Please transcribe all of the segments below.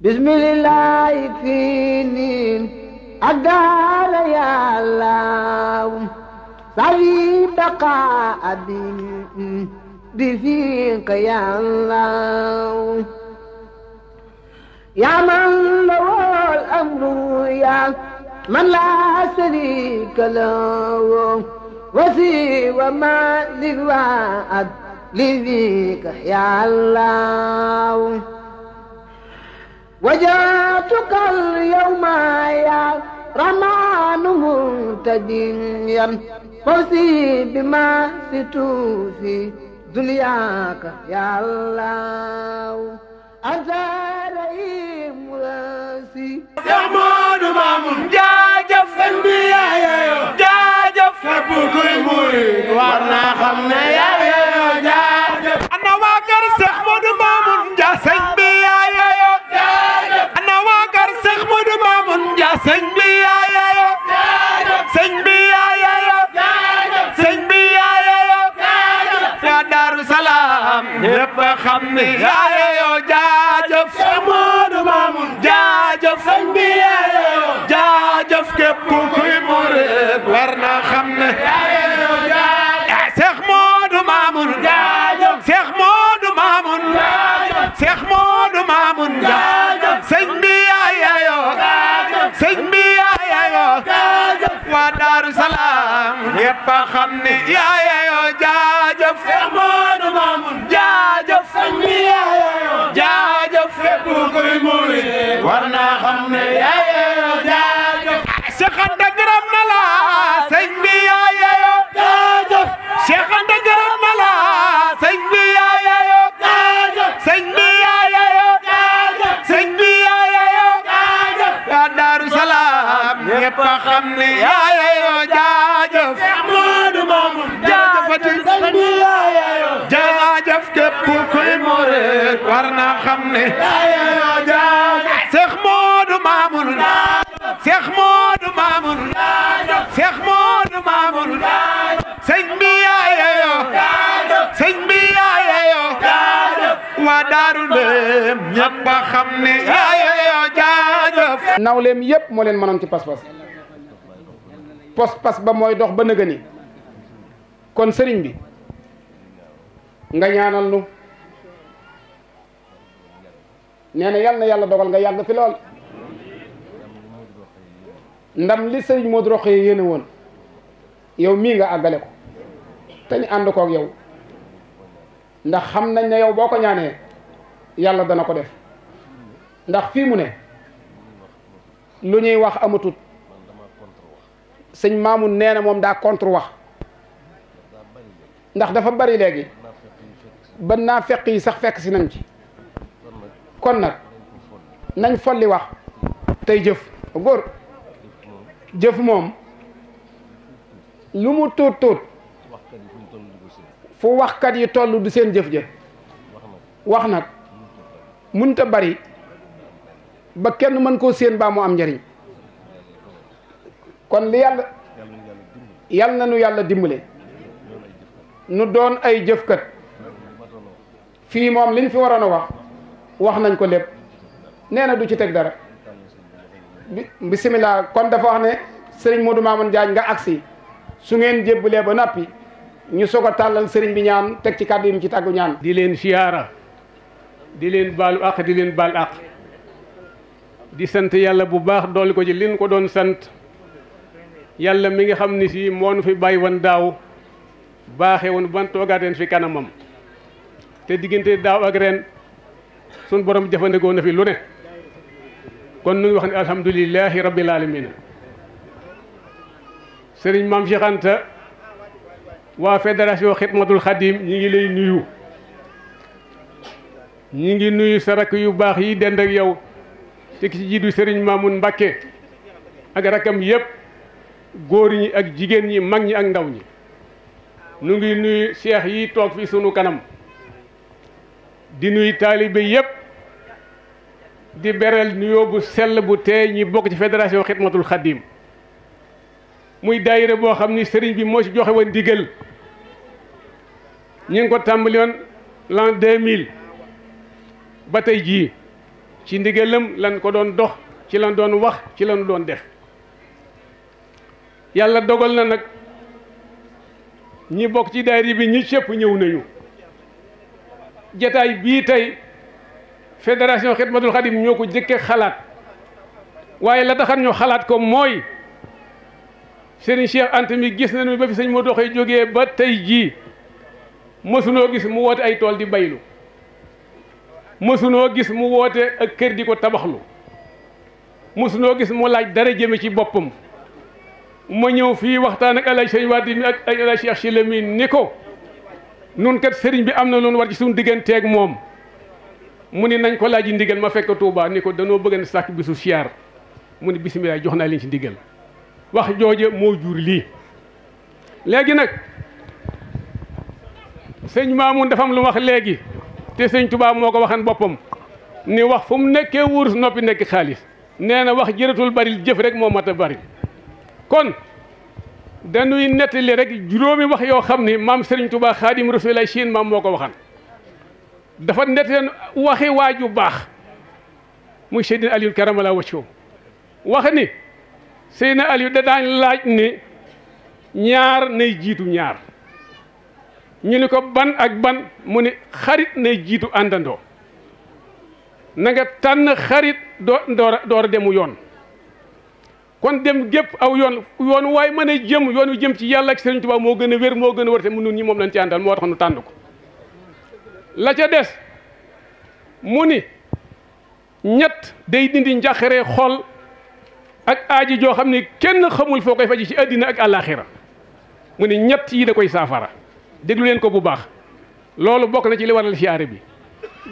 bismillah fii niin ak daala yàllaaw sawi baqa abi bi fiika yàllaaw man lawool amru yaa man laa sariika wasi wa ma lil waad li fiika وجاتك اليوم يا رمان منتجيا فوزي بما ستوفي دنياك يا الله أنت رئيم راسي يا مون مامون جاجف انبياء يا جاجف فبوكي موري وارنا خمنا يا xam ne yaaya yoo jaajëf Cheikh Modou Mamoun jaajëf sëñ bi yaaya yoo jaajëf képp kuy murid war na xam ne yaaya yoo jaajëf eh, Cheikh Modou Mamoun jaajëf Cheikh Modou Mamoun jaajëf Cheikh Modou Mamoun jaajëf sëñ bi yaaya yoo jaajëf sëñ bi yaaya yoo jaajëf waa Daaru Salaam ñépp a xam ne yaaya yoo jaajëf murid war naa xam ne yaa yeeyoo jaajëf Cheikh Anta gërëm na la sëñ bi yaa yeeyoo jaajëf Cheikh Anta gërëm na la sëñ bi yaa yeeyoo jaajëf sëñ bi yaa yeeyoo jaajëf sëñ bi yaa yeeyoo jaajëf yaa Daaru Salaam ñëpp a xam ne yaa yeeyoo déet war naa xam ne Cheikh Modou Mamoun Cheikh Modou Mamoun Cheikh Modou Mamoun sëñ bi yaayeyo sëñ bi yaayeyo waa daaru ndéem ñëpp a xam ne yaayeyo jaajëf nawleem yépp moo leen mënoon ci pas-pas pas-pas ba mooy dox ba nëgëni kon sëriñ bi nga ñaanal nu nee na yal na yàlla dogal nga yàgg fi lool ndam li sëriñ Modou Rokhaya yéene woon yow mii nga àggale ko te ñu ànd koog yow ndax xam nañ ne yow boo ko ñaanee yàlla dana ko def ndax fii mu ne lu ñuy wax amatut sëñ Maamun nee na moom daa contre wax ndax dafa bari léegi ba naa fekk yi sax fekk si nañ ci kon nag nañ folli wax tey jëf góor jëf moom lu mu tuut tuut fu waxkat yi toll du seen jëf jëf wax nag munte bari ba kenn mën koo séen baa mu am njariñ kon li yàlla yàlla na nu yàlla dimbale nu doon ay jëfkat fii moom liñ fi waroon a wax wax nañ ko lépp nee na du ci teg dara bisimilah kon dafa wax ne sëriñ Modou Mamoun Diagne nga agsi su ngeen jébbalee ba noppi ñu soog a tàllal sëriñ bi ñaan teg ci kàddu yi mu ci tàggu ñaan. di leen siyaara di leen baalu àq di leen baal àq di sant yàlla bu baax dolli ko ci liñ ko doon sant yàlla mi ngi xam ni si moonu fi bàyyi woon daaw baaxee woon ban toogaateen fi kanamam te diggante daaw ak ren. suñ borom jëfandikoo na fi lu ne kon nu ngi wax ne alhamdulilahi rabbil alamina sëriñ maam Cheikh Anta waa fédération xidmatul xadim ñi ngi lay nuyu ñi ngi nuyu sa yu baax yi dend ak yow te ki ci jiitu sëriñ Mamoun Mbakke ak rakkam yëpp góor ñi ak jigéen ñi mag ñi ak ndaw ñi nu ngi nuyu cheikh yi toog fi sunu kanam di nuyu taalibe yépp di beral nuyoo bu sell bu tee ñi bokk ci fédération xidmatul xadim muy daayira boo xam ni sëriñ bi moo ci joxe woon ndigal ñu ngi ko tàmbali woon l'an 2000 ba tey jii ci ndigalam lan ko doon dox ci lan doon wax ci lan doon def yàlla dogal na nag ñi bokk ci daayira bi ñi cëpp ñëw nañu jataay bii tey fédération xidmatul xadim ñoo ko jëkke xalaat waaye la taxan ñu xalaat ko mooy sëriñ Cheikh Anta mi gis nañu ba fi sëñ moo doxee jógee ba tey jii mësunoo gis mu woote ay tool di baylu mësunoo gis mu woote ak kër di ko tabaxlu mësunoo gis mu laaj dara jëme ci boppam ma ñëw fii waxtaan ak El Hadj Sëñ Wade mi ak El Hadj Cheikh ni ko nun kat sëriñ bi am na loolu war ci suñu digganteeg moom mu ni nañ ko laaj ndigal ma fekk Touba ni ko danoo bëgg a sàkk bisu siyaar mu ni bisimilah jox naa leen ci ndigal wax jooje moo jur lii. léegi nag sëñ Maamun dafa am lu wax léegi te sëñ Touba moo ko waxan boppam ni wax fu mu nekkee wurus noppi nekk xaalis nee na wax jërëtul bari jëf rek moo mat bari kon. dañuy nettali rek juróomi wax yoo xam ni maam Serigne Touba Xaadim Rasul ay siin maam moo ko waxan dafa nettali waxi waaju baax muy Seydina Aliou karamala wacco wax ni na Aliou da daan laaj ni ñaar nay jiitu ñaar ñu ni ko ban ak ban mu ni xarit nay jiitu àndandoo na tànn xarit doo door a demu yoon kon dem gépp aw yoon yoonu waaye mën a yoon yoonu jëm ci yàlla ak Serigne Touba moo gën a wér moo gën a wër te mu nun ñi moom lañ ci àndal moo tax nu tànn ko la ca des mu ni ñett day dindi njaxare xool ak aaji joo xam ne kenn xamul foo koy faji ci àddina ak àllaaxira mu ni ñett yii da koy saafara déglu leen ko bu baax loolu bokk na ci li waral siyaare bi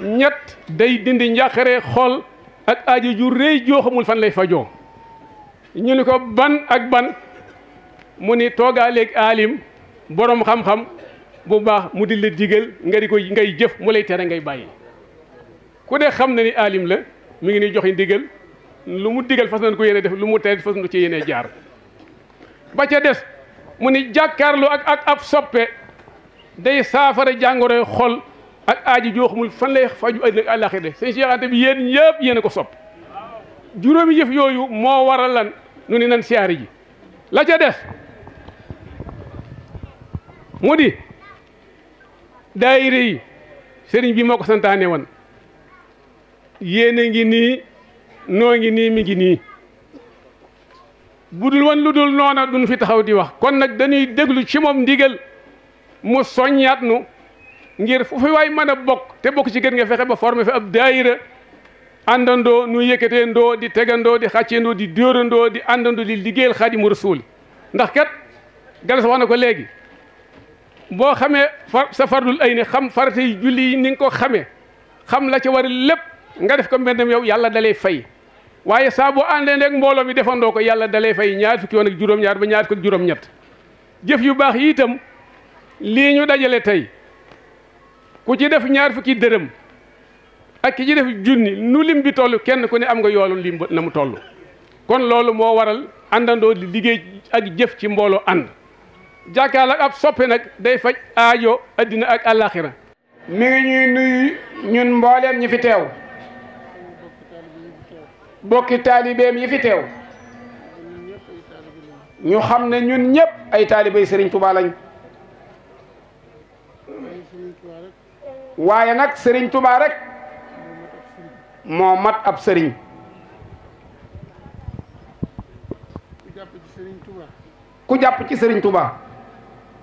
ñett day dindi njaxare xool ak aaji ju rëy joo xamul fan lay fajoo ñu ni ko ban ak ban mu ni toogaaleeg aalim borom xam-xam bu baax mu di la digal nga di ko ngay jëf mu lay tere ngay bàyyi ku ne xam na ni aalim la mu ngi ni joxe ndigal lu mu digal fas ko yéene def lu mu tere fas nañ ko ci yéene jaar ba ca des mu ni jàkkaarloo ak ak ab soppe day saafara jàngoroy xol ak aaji joo xamul fan lay faju àddina ak àllaaxira de seen seexante bi yéen ñëpp yéen ko sopp juróomi yëf yooyu moo waral lan nu ni nan siyaari ji la ca des mu di daayira yi sëriñ bi moo ko santaane woon yéen a ngi nii noo ngi nii mi ngi nii budul woon lu dul noona duñ fi taxaw di wax kon nag dañuy déglu ci moom ndigal mu soññaat nu ngir fu fi waay mën a bokk te bokk ci gën nga fexe ba forme fi ab daayira àndandoo nu yëkkateendoo di tegandoo di xàccendoo di dóorandoo di àndandoo di liggéeyal xaadimu suuli ndax kat Galas wax na ko léegi boo xamee far sa ay ni xam farata yi julli yi ni nga ko xamee xam la ca war lépp nga def ko mbendam yow yàlla dalay fay waaye saa boo àndee rek mbooloo mi defandoo ko yàlla dalee fay ñaar fukki yoon ak juróom-ñaar ba ñaar fukki ak juróom-ñett jëf yu baax yi itam lii ñu dajale tey ku ci def ñaar fukki dërëm ak ki ci def junni nu lim bi toll kenn ku ne am nga yoolu lim na mu toll kon loolu moo waral àndandoo di liggéey ak jëf ci mbooloo ànd jàkkaarloo ak ab soppe nag day faj aajo addina ak àllaaxira mi ngi ñuy nuyu ñun mbooleem ñi fi teew bokki taalibeem yi fi teew ñu xam ne ñun ñëpp ay taalibey Serigne Touba lañ waaye nag Serigne Touba rek moo mat ab sëriñ ku jàpp ci sëriñ Touba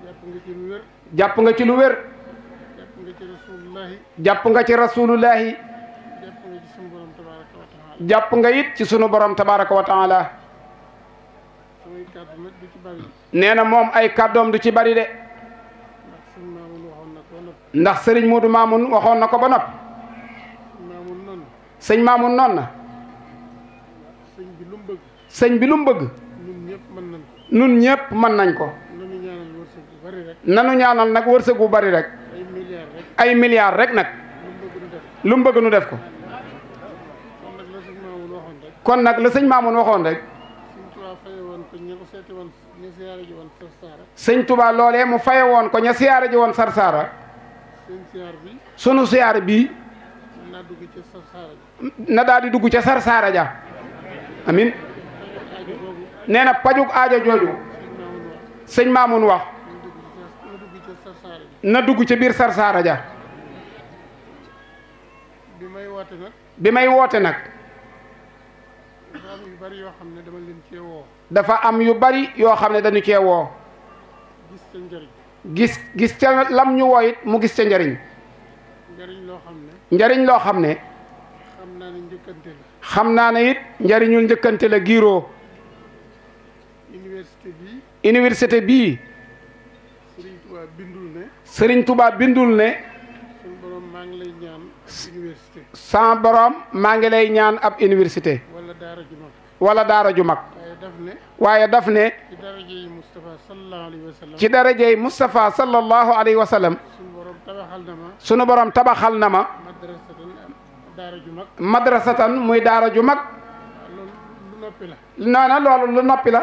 jàpp nga ci lu wér jàpp nga ci lu wér jàpp nga ci rasulullahi jàpp nga ci ci sunu borom tabaraka wa taala nee na moom ay kàddoom du ci bari de ndax sëriñ Modou Mamoun waxoon na ko ba nopp sëñ Maamun noon na sëñ bi lu bëgg sëñ bi lu mu bëgg nun ñëpp mën nañ ko nun ñëpp nanu ñaanal nag wërsëg bu bari rek ay milliards rek nag lu mu bëgg nu def ko kon nag la sëñ Maamun waxoon rek sëñ Tuba loolee mu faye woon ko ña siyaare ji woon Sarsara sunu siyaare bi na daal di dugg ca sarsaara ja amin nee na pajuk aajo jooju sëñ Maamun wax na dugg ca biir sarsaara ja bi may woote nag bi may woote nag dafa am yu bari yoo xam ne dama cee woo dafa am yu bari yoo xam ne dañu cee woo gis ca gis ca lam ñu wooyit mu gis ca njariñ loo njariñ loo xam ne xam naa ne it njariñul njëkkante la giiroo université bii Sëriñ Tuubaa bindul ne sans borom maa ngi lay ñaan ab université wala daara ju mag waaye daf ne ci darajey Moustapha sallallahu alayhi wa sallam sunu borom tabaxal na ma madrasatan muy daara ju mag ah, nee na loolu lu noppi la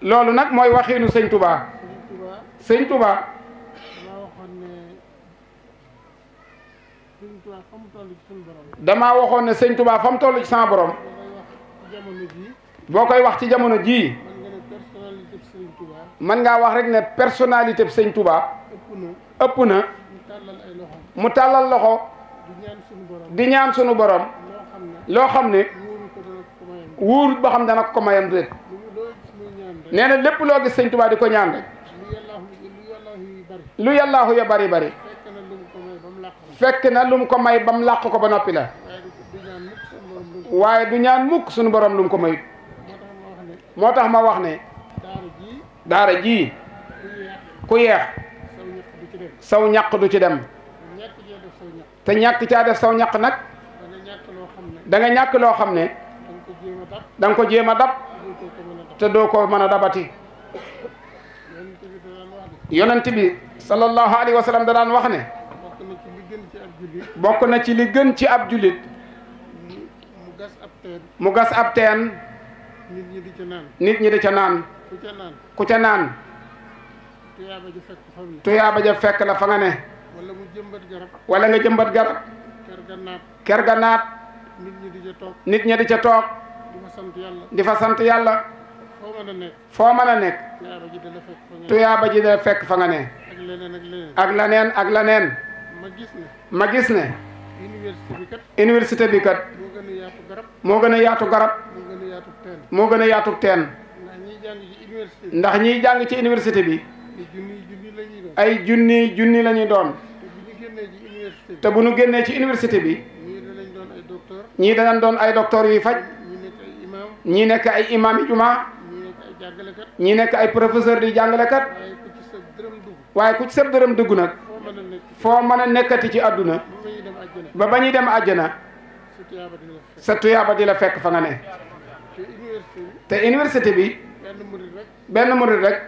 loolu nag mooy waxiinu sëñ tubaa sëñ tubaa damaa waxoon ne sëñ tubaa fa mu toll ci sama borom boo koy wax ci jamono jii mën ngaa wax rek ne personnalité bi sëñ tubaa ëpp na mu tàllal loxo di ñaan sunu borom loo xam ne wóorut boo xam dana ko mayam déet nee lépp loo gis sëñ Tuubaa di ko ñaan rek lu yàllaahu ya bari bari fekk na lum ko may ba mu làq ko ba noppi la waaye du ñaan mukk sunu borom lu ko may moo tax ma wax ne daara jii ku yeex saw ñaq du ci dem te ñàkk caa def saw ñàq nag da nga ñàkk loo xam ne danga ko jéem a dab te doo ko mën a dabati yonent bi sallallahu alayhi wa sallam da daan wax ne bokk na ci li gën ci ab julit mu gas ab teen nit ñi di ca naan ku ca naan tuyaaba ja fekk la fa nga ne jëmbat nga jëmbat garab. ker ga naat. ker ga nit ñi di ca toog. nit ñi di ca toog. di fa sant yàlla. foo mën a nekk. foo mën a tuyaaba ji dala fekk fa nga ne. ak leneen ak leneen. ak leneen ak ma gis ne. ma bi kat. moo gën a yaatu garab. moo gën a yaatu garab. moo gën a yaatu teen. ndax ñiy jàng ci université bi. ay junni junni la ñuy doon. doon. te bu nu génnee ci université bi ñii danañ doon ay docteur yuy faj ñii nekk ay imam yi juma ñii nekk ay professeur di jàngalekat waaye ku ci sab dërëm dugg nag foo mën a nekkati ci àdduna ba ba dem àjjana sa tuyaaba di la fekk fa nga ne te université bi benn murid rek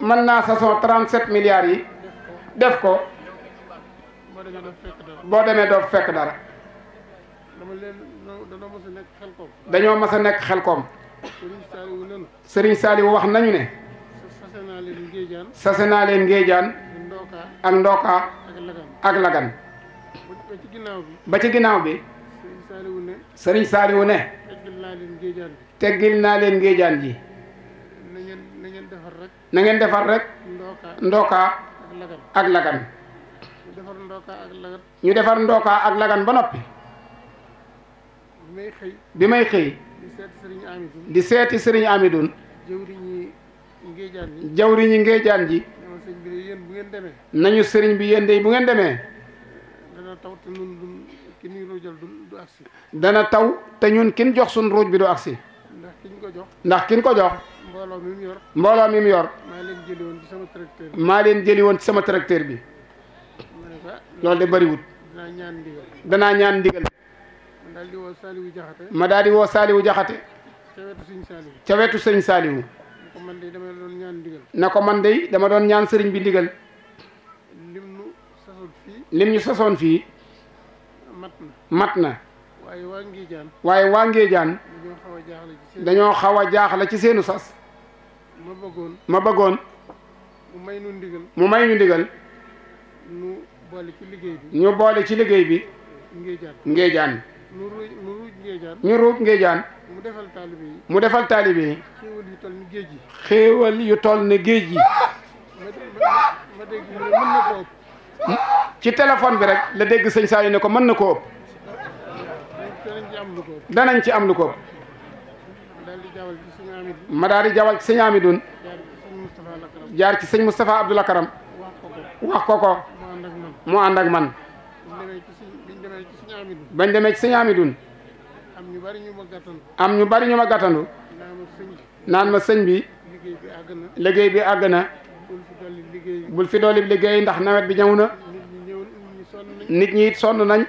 mën naa sasoo 37 milliards yi def ko boo demee doo fekk dara. fekk dara. dama leen dañoo mas a nekk xel koom. sëriñ mas wax nañu ne. sase naa leen Ngéejaan. sase naa leen Ngéejaan. ak Ndoka. ak Lagan ak ba ci ginnaaw bi. ba ci ne. Serigne Saliou ne. teggil naa leen Ngéejaan ji. teggil defar rek. na defar rek. Ndoka Ndoka. ak ak Lagan. ñu defar ndooka ak lagan ba noppi bi may xëy di seeti sëriñ Amidoun jawri ñi ngéejaan ji nañu sëriñ bi yéen dey bu ngeen demee dana taw te ñun kin jox suñ ruuj bi du agsi ndax kin ko jox mbooloo mi mu yor maa leen jëli woon ci sama tracteur bi loolu de bëriwut danaa ñaan ndigal ma daal di woo Saliwu Jaxate ma daal di woo Saliwu Jaxate ca wetu sëñ Saliwu ca sëñ Saliwu na ko man de dama doon ñaan na ko man de dama doon ñaan sëriñ bi ndigal lim ñu sasoon fii lim mat na mat na waaye waa Ngéejaan waaye dañoo xaw a jaaxle ci seenu sas ma bëggoon ma bëggoon mu may ñu ndigal mu may ñu ndigal boole liggéey bi ñu boole ci liggéey bi. Ngéjaan Ngéjaan. ñu ruuj ñu mu defal taalibe yi. mu xéewal yu toll ni géej yi. xéewal ci téléphone bi rek la dégg sëñ saa ko mën na ko ëpp. danañ ci am lu ko ëpp. ma daal jawal ci sëñ Amidun. jaar ci sëñ Moustapha Abdoul wax ko ko. mu ànd ak man bañ demee ci sëñ Amidun am ñu bari ñu ma gàttandu naan ma sëñ bi liggéey bi àgg na bul fi dolli liggéey ndax nawet bi ñëw na nit ñi it sonn nañ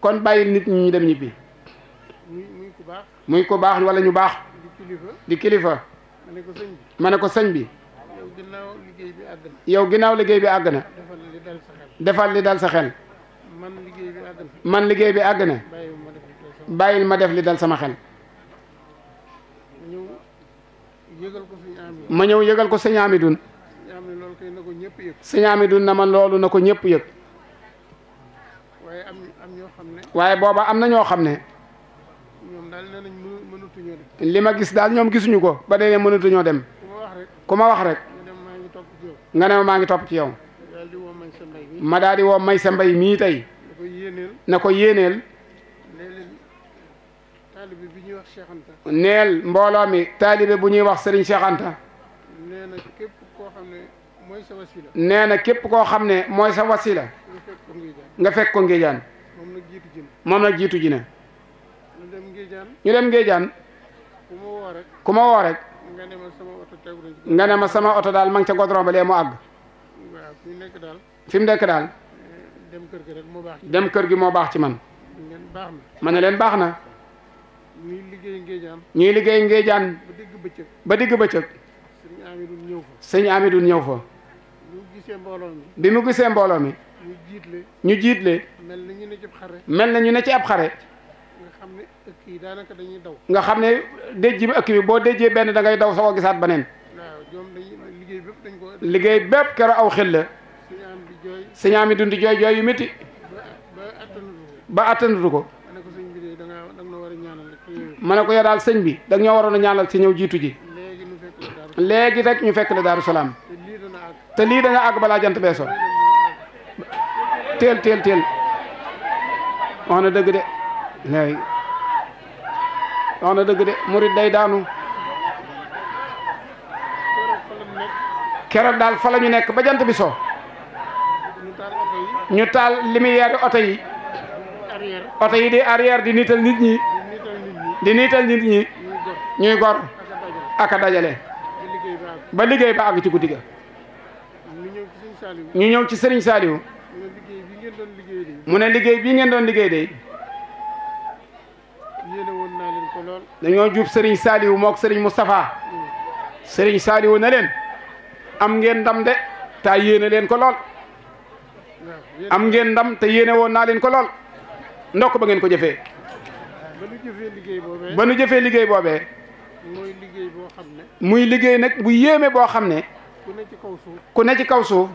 kon bàyyi nit ñi ñu dem ñibbi muy ko baax wala ñu baax di kilifa ma ne ko sëñ bi yow ginnaaw liggéey bi àgg na. yow ginnaaw liggéey bi àgg defal li dal sa xel. man liggéey bi àgg na. bàyyil ma def li dal sama xel. ma ñëw yëgal ko sëñ Amidun. sëñ Amidun na ma loolu na ko ñëpp yëg. waaye booba am na ñoo xam ne. li ma gis daal ñoom gisuñu ko ba dee ne mënatuñoo dem. ku ma wax rek. nga ne maa ngi topp ci yow ma daal di may sa mbay mii tey na ko yéeneel neel mbooloo mi taalibe bu ñuy wax Serigne Cheikh Anta képp koo xam ne mooy sa wasila na képp koo xam ne mooy sa wasila nga fekk ko Ngéejaan moom nag jiitu ji ñu dem Ngéejaan ku ma woo rek nga ne ma sama oto daal ma ngi ca godron ba lee mu àgg. waaw fi mu nekk daal. Eh, dem kër gi rek moo baax. dem kër gi moo baax ci man. ma ne leen baax na. ñuy liggéey ngéejaan. ñuy liggéey ngéejaan. ba digg bëccëg. ba digg bëccëg. ñëw fa. sëñ Amidou ñëw fa. bi mu gisee mbooloo mi. bi mu gisee mbooloo mi. ñu jiitle. ñu jiitle. mel na ñu ne ci ab xare. na ñu ne ci ab xare. nga xam ne daanaka dañuy daw. nga xam ne déj bi ëkk bi boo déjee benn da ngay daw soo ko gisaat beneen. liggéey bépp kero aw xel la sëñ am dundi jooy jooy yu métti ba attanatu ko ma ne ko ya daal sëñ bi da ñoo waroon a ñaanal si ñëw jiitu ji léegi rek ñu fekk la daaru te lii da àgg balaa jant bee teel teel teel wax na dëgg de léegi wax na dëgg de murit day daanu keroog daal fa ñu nekk ba jant bi so ñu taal lumière oto yi oto yi di arrière di niital nit ñi di niital nit ñi ñuy gor ak dajale ba liggéey ba àgg ci guddi ñu ñëw ci Serigne Saliou mu ne liggéey bii ngeen doon liggéey de dañoo jub Serigne Saliou mook Serigne Moustapha Serigne Saliou na leen am ngeen ndam de ta yéene leen ko lool am ngeen ndam te yéene woon naa leen ko lool ndokk ba ngeen ko jëfee ba nu jëfee liggéey boobe muy liggéey boo xam ne muy liggéey nag bu yéeme boo xam ne ku ne ci kaw suuf ci kaw suuf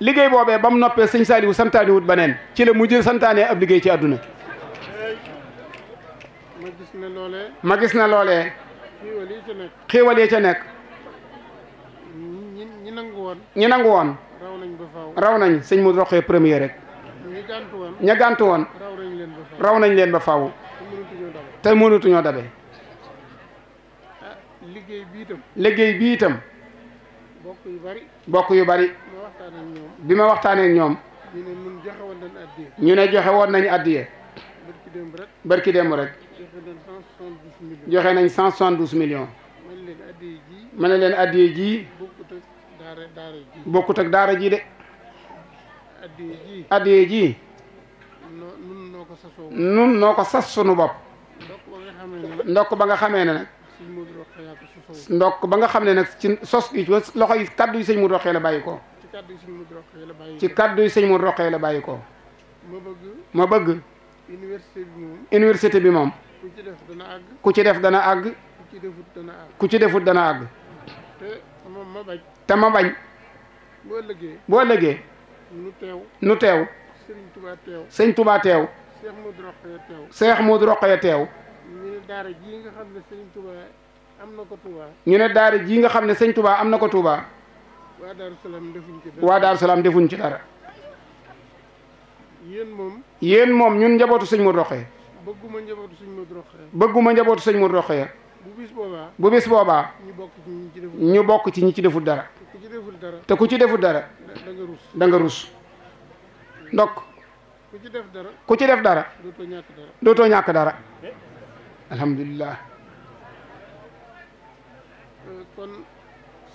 liggéey boobee ba mu noppee sëñ Saaliwu santaane wut beneen ci la jël santaane ab liggéey ci àdduna ma gis na loolee ma na loolee xéewal yi ca nekk nangu woon ñi nangu woon raw nañ sëñ mu roqee premier rek ña gàntu woon raw nañ leen ba faw te mënutuñoo dabe ah, liggéey bi itam liggéey bi itam bokk yu bari bokk bi ma waxtaanee ñoom ñu ne joxe woon nañu addiye barki démb rek joxe nañ cent soixante-douze leen addiye ji bokkut ak daara ji de addiyee ji nun noo ko sas sunu bopp ndokk ba nga xamee ne nag ndokk ba nga xam ne nag ci sos loxo yi kaddu sëñ mu roqee la bàyyi ko ci kaddu sëñ mu roqee la bàyyi ko ma bëgg université bi moom ku ci def dana àgg ku ci defut dana àgg te ma bañ. boo lëgee boo lëgee. nu teew nu teew. sëñ Touba teew sëñ Touba teew. Seex teew. Seex Moodu Roqaya teew. ñu ne daara jii nga xam ne sëñ Touba am na ko Touba. ñu ne daara jii nga xam ne sëñ Touba am na ko Touba. waa Daaru defuñ ci dara waa Daaru Salaam ci dara. yéen moom. moom ñun njabootu sëñ Moodu Roqaya. bëgguma njabootu sëñ Moodu Roqaya. bëgguma njabootu sëñ Moodu Roqaya. bu bis boobaa bu bis boobaa ñu bokk ci ñu ci deful dara te ku ci deful dara da nga rus ndok ku def dara ku ci def dara dootoo ñàkk dara alhamdulilah euh, kon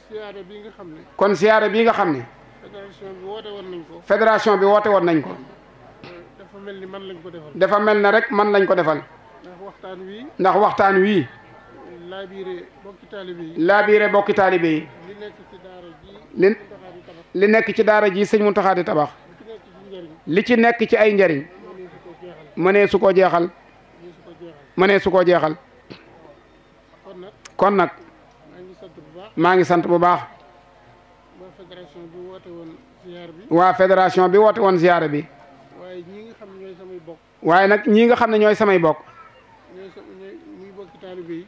siyaare bii nga xam ne kon siyaare bi nga xam ne fédération bi woote woon nañ ko fédération bi woote woon nañ ko euh, dafa mel ni man lañ ko defal mel ne rek man lañ ko defal ndax waxtaan wii laabiire bokki taalibe yi. laabiire li nekk ci daara ji. li li nekk sëñ Muntaxa di tabax. li ci nekk ci ay njariñ. mënee su ko jeexal. mënee su ko jeexal. kon nag. maa ngi sant bu baax. waa fédération bi woote woon ziyaara bi. waaye nag ñii nga xam ne ñooy samay bokk.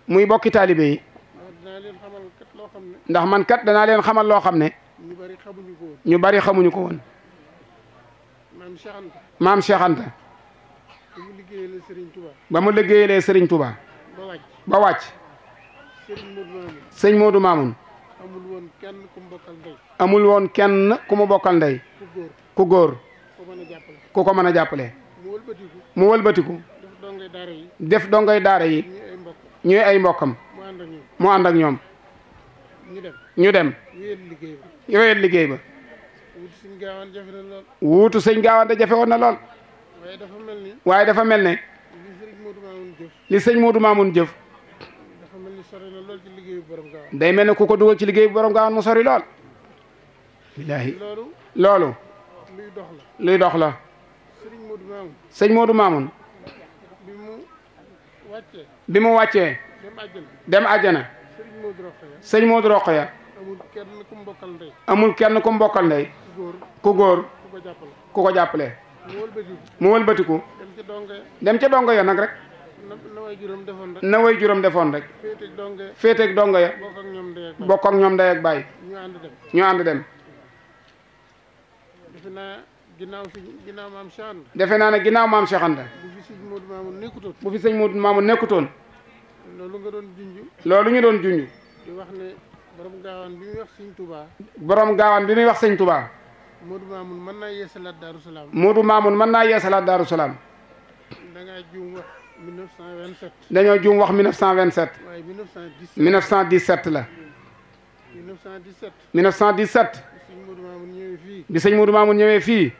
muy bokki taalibe yi ndax man kat danaa leen xamal loo xam ne ñu bari xamuñu ko woon maam Cheikh Anta ba mu liggéeyalee Serigne Touba ba wàcc sëñ Modou Mamoun amul woon kenn ku mu bokkal ndey ku góor ku ko mën a jàppale mu wëlbatiku def dongay daara yi ñuy ay mbokkam mu ànd ak ñoom ñu dem yowet liggéey ba wuutu sëñ gaawante jafe woon na lool waaye dafa mel ni li sëñ Moodu Maamun jëf day mel ne ku ko dugal ci liggéey bu borom gaawaan mu sori lool billaahi loolu luy dox la luy dox la sëñ Moodu Maamun bi mu wàccee dem àjjana sëñ Modou Rokhaya amul kenn ku mbokkal ndey ku góor ku ko jàppale mu wëlbatiku dem ca dongo ya nag rek na way juróom defoon rek féeteeg dongo ya bokk ak ñoom ndey bàyyi ñu ànd dem ginnaaw si ginnaaw maam Cheikh Anta. defe naa ne ginnaaw maam Cheikh Anta. bu fi sëñ Modou Mamoun nekkutoon. bu fi sëñ Modou Mamoun nekkutoon. loolu nga doon junj. loolu ñu doon junj. di wax ne borom gaawaan bi muy wax sëñ Touba. borom gaawaan bi muy wax sëñ Touba. Modou Mamoun mën naa yeesalaat Darou Salaam. Modou Mamoun mën naa yeesalaat Darou Salaam. da ngaa juum wax 1927. dañoo juum wax 1927. waaye 1917. 1917 la. 1917. 1917. bi sëñ Modou Mamoun ñëwee fii. bi sëñ Modou Mamoun ñëwee fii.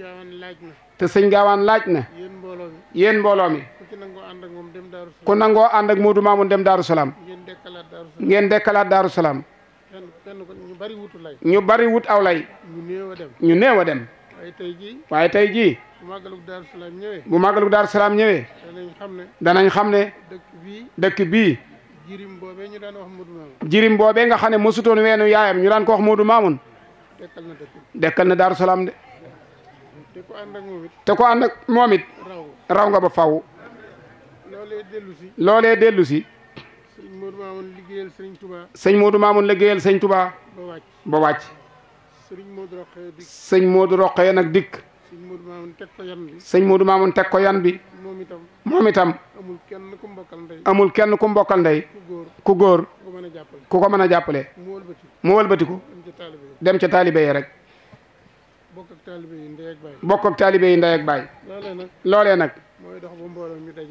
gaawaan laaj te sëñ gaawaan laaj na. yéen mbooloo mi yéen mi. ku nangoo ànd ak moom dem Daaru Salaam. ku nangoo ànd dem Daaru Salaam. ngeen dekkalaat Daaru ngeen dekkalaat Daaru Salaam. kenn ñu bari wutu lay. ñu bari wut aw lay. ñu néew dem ñu néew a dem. waaye tey jii. waaye tey jii. bu màggalug Daaru Salaam ñëwee. bu màggalug Daaru danañ xam ne. danañ xam ne. dëkk bii dëkk bii. jirim boobee ñu daan wax Modou Mamoun. jirim boobee nga xam ne mosutoon weenu yaayam ñu daan ko wax Modou Mamoun. dekkal na dëkk dekkal de. te ko ànd ak moom raw nga ba faw loolee dellu si sëñ Modou Mamoun liggéeyal sëñ Touba. sëñ Modou Mamoun liggéeyal sëñ Touba. ba wàcc sëñ Modou Roqee dikk. nag dikk. sëñ Modou Mamoun teg ko yan bi. teg ko yan bi. moom itam moom amul kenn ku mbokkal ndey. kenn ku mbokkal ndey. ku góor ku ko mën a jàppale. mu wëlbatiku mu dem ca taalibe yi rek. bokk ak taalibe yi ndey ak baay loolee nag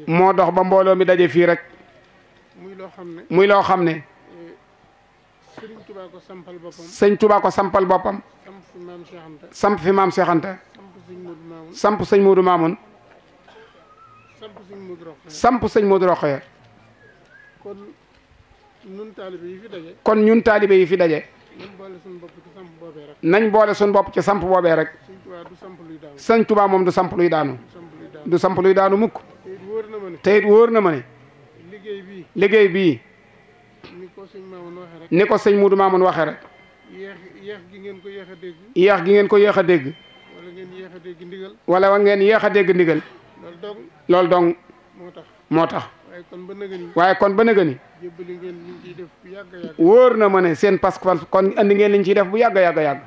moo dox ba mbooloo mi daje fii rek muy loo xam ne muy loo xam ne eh, sëñ Tuubaa sampal boppam sëñ Tuubaa ko sampal boppam samp fi maam Cheikh samp sëñ Moodu Maamun samp sëñ Moodu Rokhaya kon kon ñun taalibe yi fi daje nañ boole suñu bopp ci samp boobee rek sëñ Tuubaa moom du samp luy daanu du samp luy daanu mukk te it wóor na ma ne liggéey bii ni ko sëñ mu Muudu Maamun waxee rek yéex gi ngeen ko yéex a dégg yéex gi ngeen ko yéex a dégg wala ngeen yéex a dégg ndigal loolu dong moo tax moo tax waaye kon ba nëgë ni waaye kon ba nëgë ni jébbali ngeen na ma ne seen pas-pas kon indi ngeen liñ ciy def bu yàgg yàgg yàgg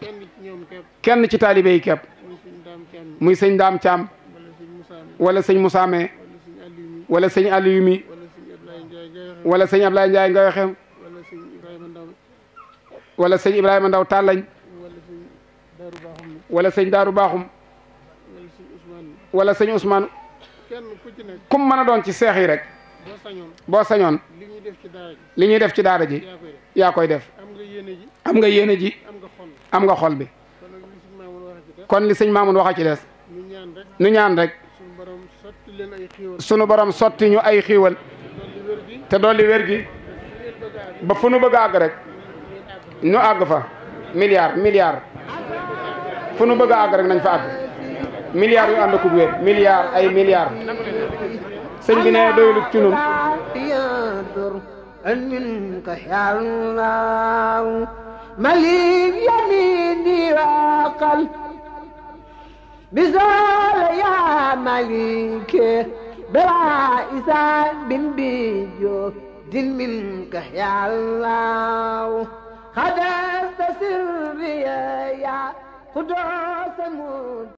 kenn ci ñoom képp kenn ci muy sëñ daam caam wala sëñ musaame wala sëñ aliyu mi wala sëñ ablaye ndiaye nga waxee wala sëñ ibrahima ndaw tàllañ wala sëñ daaru baaxum wala sëñ ousmane kum mën a doon ci seex yi rek boo sañoon li ñuy def ci daara ji yaa koy def am nga yéene ji am nga xol bi kon li sëñ Maamun waxa ci des nu ñaan rek sunu borom sotti ñu ay xiiwal te dolli wér gi ba fu nu bëgg àgg rek nu àgg fa milliard milliard fu nu bëgg a àgg rek nañ fa àgg milliards yu ànd akub wér milliards ay milliards sëñ bi ne doylu ci nun مليك يميني وقل بزول يا مليك بلا إسان بن بيجو دل منك يا الله خدست سري يا قدوس